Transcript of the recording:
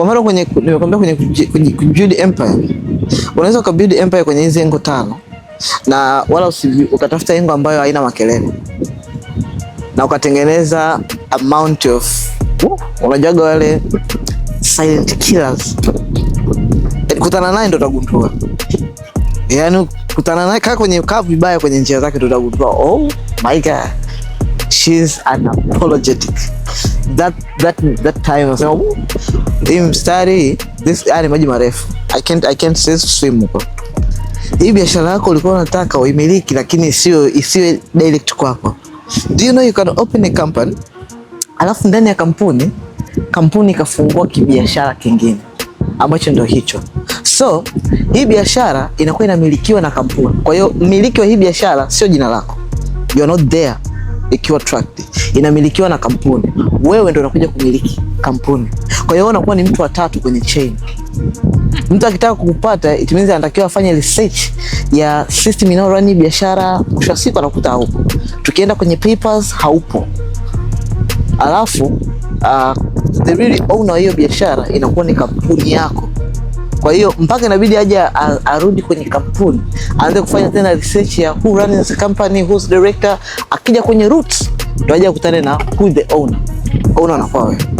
Kwa mfano kwenye nimekwambia kwenye kubuild empire, unaweza ukabuild empire kwenye hizi engo tano na wala usi, ukatafuta engo ambayo haina makelele na ukatengeneza amount of uh, unajuaga wale silent killers, eh, kutana naye ndo utagundua yani, kutana naye kaa kwenye kaa vibaya kwenye njia zake, ndo utagundua oh my god she's unapologetic that that that time so hii mstari this ni maji marefu, I can't I can't swim huko. Hii biashara yako ulikuwa unataka uimiliki, lakini isiwe isiwe direct kwako. Do you know you can open a company, alafu ndani ya kampuni kampuni ikafungua kibiashara kingine ambacho ndio hicho. So hii biashara inakuwa inamilikiwa na kampuni. Kwa hiyo mmiliki wa hii biashara sio jina lako, you are not there ikiwa tract inamilikiwa na kampuni, wewe ndo unakuja kumiliki kampuni. Kwa hiyo unakuwa ni mtu wa tatu kwenye chain. Mtu akitaka kukupata, it means anatakiwa afanye research ya system inayo run biashara. Mwisho siku anakuta haupo. Tukienda kwenye papers, haupo. Alafu uh, the real owner hiyo biashara inakuwa ni kampuni yako. Kwa hiyo mpaka inabidi aje arudi kwenye kampuni, aanze kufanya tena research ya who runs the company, who's director, akija kwenye roots ndo aje akutane na who the owner. Owner anafaa wewe.